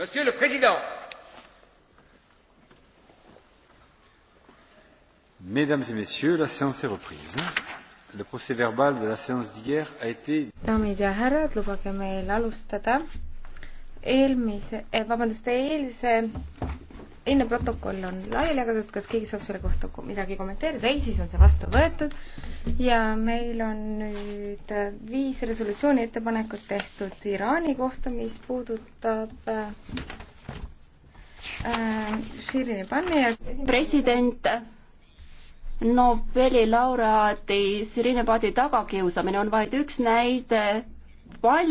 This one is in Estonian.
Monsieur le Président, Mesdames et messieurs, la séance est reprise. Le procès verbal de la séance d'hier a été... Daamid ja härrad, lubage meil alustada eelmise, eh, vabandust, eilse enne protokoll on laiali jagatud, kas keegi saab selle kohta midagi kommenteerida, ei, siis on see vastu võetud ja meil on nüüd viis resolutsiooni ettepanekut tehtud Iraani kohta, mis puudutab äh, äh Shirini Panni ja president Nobeli laureaadi Shirini Padi tagakiusamine on vaid üks näide palju